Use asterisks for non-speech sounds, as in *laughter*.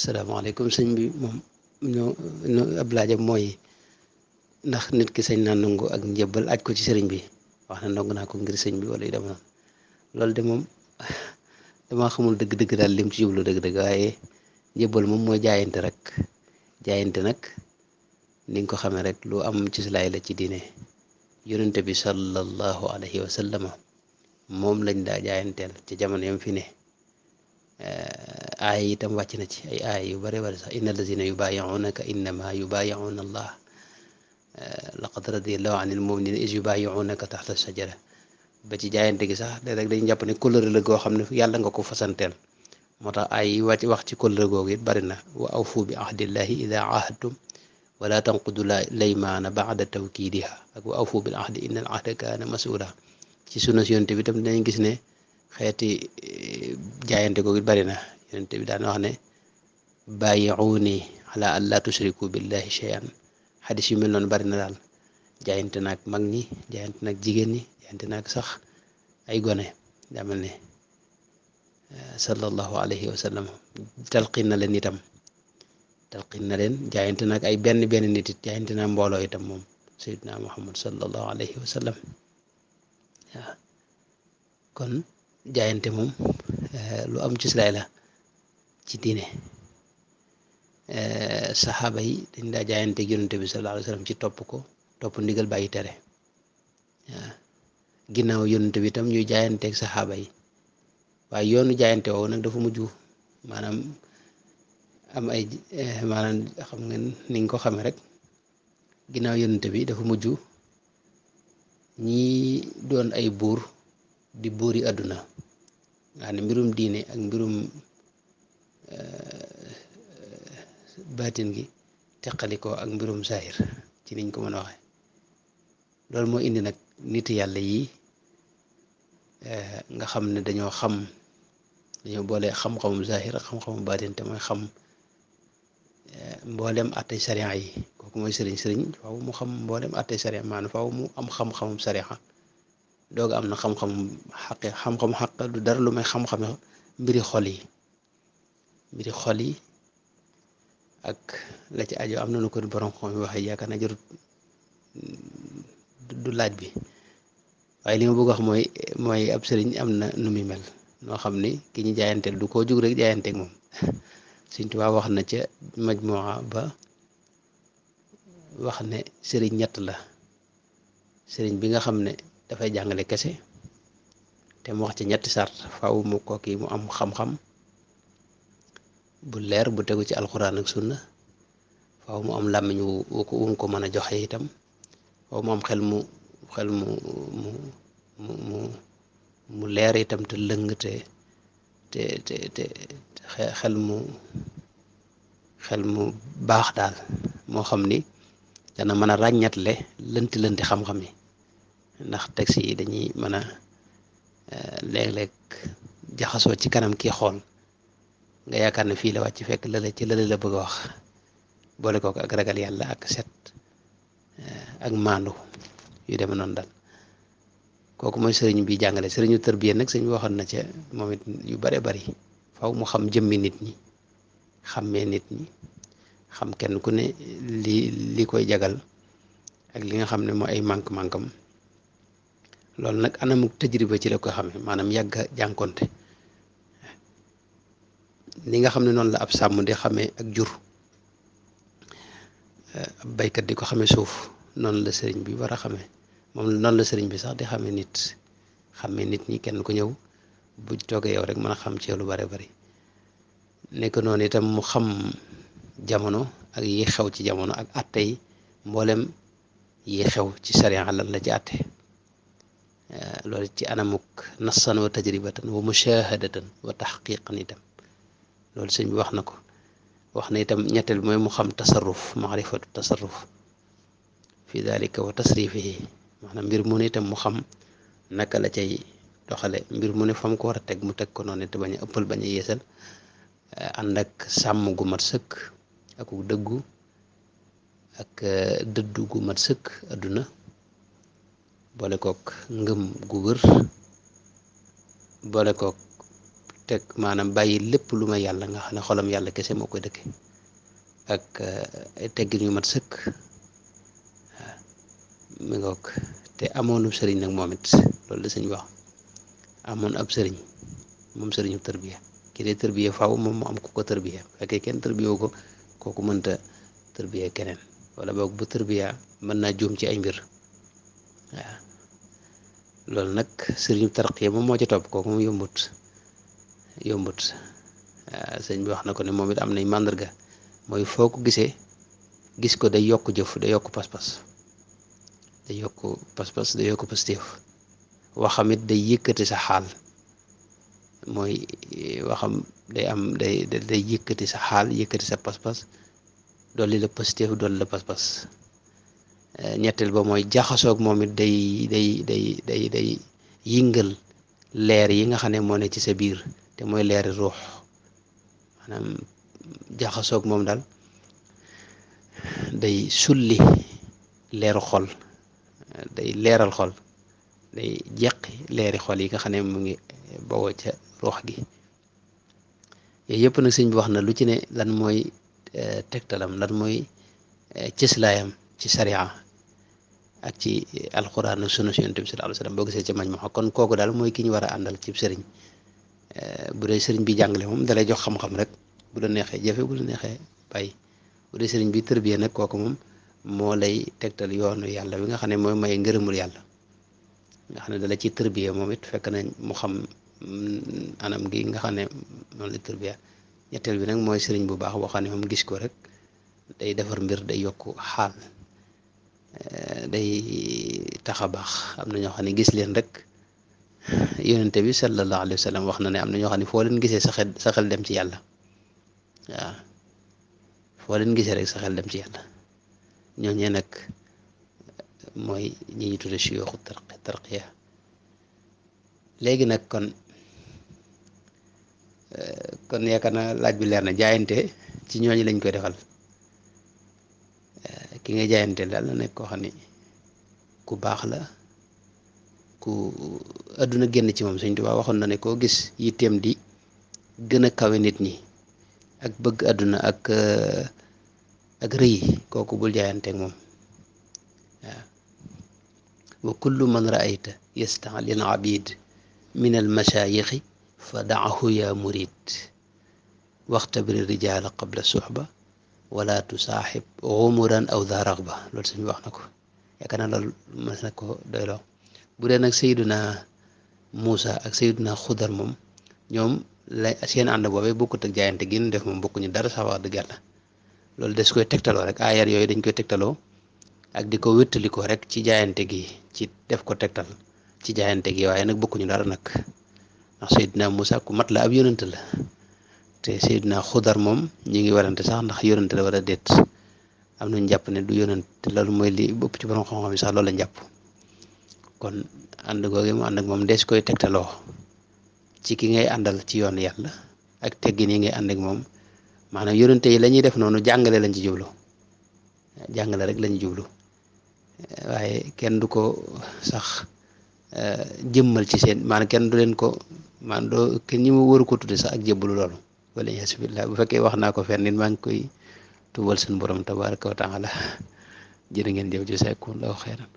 salaamaaleykum sëñ bi moom ñoo ab laajam mooy ndax nit ki sëñ na nangu ak njëbal aj ko ci sëriñ bi wax na nangu naa ko ngir sëñ bi wala yu dem noonu loolu de moom *laughs* damaa xamul dëgg-dëgg daal lim ci jublu dëgg-dëgg waaye njëbal moom mooy jaayante rek jaayante nag ni ko xamee rek lu am ci laay la ci diine yonente bi sallallahu alayhi wa moom lañ daa jaayanteel ci jamono yam fi ne eh, aaya itam wàcc na ci ay aaya yu bare bare sax inna allazina yubaayi'unaka innama yubaayi'una allah eh, laqad radiyallahu anil mu'minina iz yubaayi'unaka taxta shajara ba ci jaayante gi sax léeg-léeg dañu jàpp ne kóllëre la goo xam ne yàlla nga ko fasanteel moo tax ay wàcc wax ci kóllëre googu it bari na wa awfu bi ahdillahi ida ahadtum wala tanqudu laymaana baada tawkiidiha ak wa awfu bil ahdi inna al ahda kaana mas'uula ci sunu yonent bi tam dinañ gis ne xeeti eh, jaayante googu it na yonent bi daan wax ne baayi'uuni ala tushriku billahi shay'an xadis yu mel noonu bari na daal jaayante naag mag ñi jaayante naag jigéen ñi jaayante sax ay gone daa mel ne eh, sallallahu alayhi wa sallam na leen itam talqin na leen jaayante naag ay benn benn nit it jaayante moom sayyidina muhammad sallallahu alayhi wa kon jaayante moom eh, lu am ci ci diine eh, saxaaba yi dañ daa jaayante yonent bi sallallahu alayhi wasallam ci topp ko topp ndigal bàyyi tere ginnaaw yonent bi tam ñuy jaayanteeg saxaaba yi waaye yoonu jaayante woowu nag dafa mujj maanaam am ay eh, maanaam xam nga ni ko xamee rek ginnaaw yonent bi dafa mujj ñi doon ay buur di buuri àdduna nga ne mbirum diine ak mbirum baatin gi teqaliko ak mbirum saahir ci niñ ko mën a waxe loolu moo indi nag nit yàlla yi eh, nga xam ne dañoo xam dañoo boole xam-xamu zaahir ak xam-xamu baatin te mooy xam eh, mboolem àttey sariya yi kooku mooy sëriñ sëriñ mu xam mboolem àttey sariya maanaam mu am xam-xamu sariya dooga am na xam-xamu xaqi dara lu may xam-xam mbiri xol yi mbiri xol yi ak la ci aju am na nu ko borom xam yi waxee yaakaar naa jarut du laaj bi waaye li ma bëgg wax mooy mooy ab sëriñ am na nu muy mel noo xam ni ki ñu jaayanteel du koo jug rek jaayanteeg moom Sëriñ Tuubaa wax na ca majmuwa ba wax ne sëriñ ñett la sëriñ bi nga xam ne dafay jàngale kese te mu wax ci ñetti sart faaw mu kooki mu am xam-xam bu leer bu tegu ci alxuraan ak sunna faaw mu am làmmiñ wu ko ko mën a joxe itam faaw mu am xel mu xel mu mu mu leer itam te lëng te te xel mu xel mu baax daal moo xam ni dana mën a ràññatle lënti lënti xam-xam yi ndax texte yi dañuy mën a eh, léeg jaxasoo ci kanam kii xool nga yaakaar ne fii la wàcc fekk lële ci lële la bëgg a wax boole kooku ak ragal yàlla ak set eh, ak maandu yu demee noonu daal kooku mooy sëriñ bi jàngale sëriñu tërbiya nag sëñ waxoon na ca moom it yu bare bari faw mu xam jëmmi nit ñi xammee nit ñi xam kenn ku ne li li koy jagal ak li nga xam ne mooy ay manque-manque am loolu nag anamuk tajriba ci la ko xamee maanaam yàgg jànkonte ni nga xam ne noonu la ab sàmm di xamee ak jur baykat di ko xamee suuf noonu la sëriñ bi war a xamee moom noonu la sëriñ bi sax di xamee nit xamee nit ñi kenn ku ñëw bu toogee yow rek mën a xam ci lu bare bari nekk noonu itam mu xam jamono ak yi xew ci jamono ak àtte mboolem yi xew ci sariya lan la ci àtte loolu ci anamuk nassan wa tajribatan wa mushahadatan wa tahqiqan itam loolu sëñ bi wax na ko wax na itam ñetteel bi mooy mu xam tasarruf maarifatu tasarruf fi dalika wa tasrifihi maanaam mbir mu ne itam mu xam naka la cay doxale mbir mu ne fam ko war a teg mu teg ko noonu te bañ a ëppal bañ a yeesal ànd ak sàmm gu mat sëkk ak dëggu ak euh, dëddu gu mat sëkk adduna boole kook ngëm gu wër boole kook ak manam bayyi lepp luma yalla nga xam xolam yalla kesse mo koy dekk ak eh, teggin yu mat sekk mi ngok te amonu serign nak momit it loolu la wax amoon ab serign mom serignu terbiya ki dee terbiya faaw mom mo am ku ko terbiya ak ken tërbiya ko koku mënta terbiya kenen wala bok bu terbiya mën na joom ci ay mbir waaw nak nag tarqiya mom mo ci top koku mu yombut yombut ah, sëñ bi wax na ko ne moom it am nañ màndarga mooy foo ko gisee gis ko day yokk jëf day yokk pas-pas day yokk pas-pas day yokk pastéef day yëkkati sa mooy eh, waxam day am day day yëkkati sa xaal yëkkati sa pas-pas dolli la pastéef dolli la pas-pas eh, ñetteel ba mooy jaxasoog moom it day day day day day yëngal leer yi nga xam ne moo ne ci sa biir te mooy leeri ruux maanaam jaxasoog moom daal day sulli leeru xol day leeral xol day jeqi leeri xol yi nga xam ne mu ngi bawoo ca ruux gi yooyu yëpp nag sëñ bi wax na lu ci ne lan mooy eh, tegtalam lan mooy eh, cëslaayam ci sariya ak ci alxuraan ak sunu Yonent bi sallallahu alayhi wa sallam boo gisee ci maj ma kon kooku daal mooy ki ñu war a àndal cib sëriñ Eh, bu dee sëriñ bi jàngale moom dalay jox xam-xam rek bu la neexee jafe bu la neexee bàyyi bu dee sëriñ bi tërbiye nag kooku moom moo lay tegtal yoonu yàlla bi nga xam ne mooy may ngërëmul yàlla nga xam ne dala ci tërbiye moom it fekk na mu xam mm, anam gi nga xam ne noonu la tërbiya ñetteel bi nag mooy sëriñ bu baax boo xam ne moom gis ko rek day defar mbir day yokk xaal eh, day tax a baax am na ñoo xam ne gis leen rek yonente bi sallallahu alayhi wa wax na ne am na ñoo xam ne foo leen gisee sa xel sa xel dem ci yàlla waaw foo leen gisee rek sa xel dem ci yàlla ñooñee nag mooy ñi ñu tudde siyooxu tarqiya léegi nag kon eh, kon yaakaar na laaj bi leer na jaayante ci ñooñu lañ koy defal eh, ki nga jaayante daal na nekk koo xam ne ku baax la ku adduna génn ci moom Sëñ Tuubaa waxoon na ne koo gis yitteem di gën a kawe nit ñi ak bëgg àdduna ak uh, ak rëy kooku bul jaayanteeg moom waaw wa kullu man raayta yastaalin abid min al mashaayixi fa daahu ya murid waxtabiri rijaala qabla suxba wala tusaaxib xumuran aw daa raxba loolu suñu wax na ko yaakaar naa loolu na ko doyloo bu dee nag sayduna Muusa ak sayduna Xudar moom ñoom la seen ànd boobee bokkut ak jaayante gi ñu def moom bokkuñu dara sax wax dëgg yàlla loolu des koy tegtaloo rek aayar yooyu dañ koy tegtaloo ak di ko wéttalikoo rek ci jaayante gi ci def ko tegtal ci jaayante gi waaye nag bokkuñu dara nag ndax sayduna Muusa ku mat la ab yonent la te sayduna Xudar moom ñu ngi warante sax ndax yonent la war a déet am nañu jàpp ne du yonent loolu mooy li ëpp ci borom xam yi sax loolu lañ jàpp. kon ànd googu mu ànd ak moom dees koy tegtaloo ci ki ngay àndal ci yoon yàlla ak teggin yi ngay ànd moom maanaam yonente yi lañuy ñuy def noonu jàngale lañ ci jublu jàngale rek lañ jublu waaye kenn du ko sax eh, jëmmal ci seen maanaam kenn du leen ko maanaam doo kenn ñi mu waru ko tudde sax ak jëbbalu loolu wala yasubillah bu fekkee wax naa ko fenn nit maa ngi koy tubal seen borom tabaraka wa taala *laughs* jërë ngeen jëf ji sekku laaw xeyran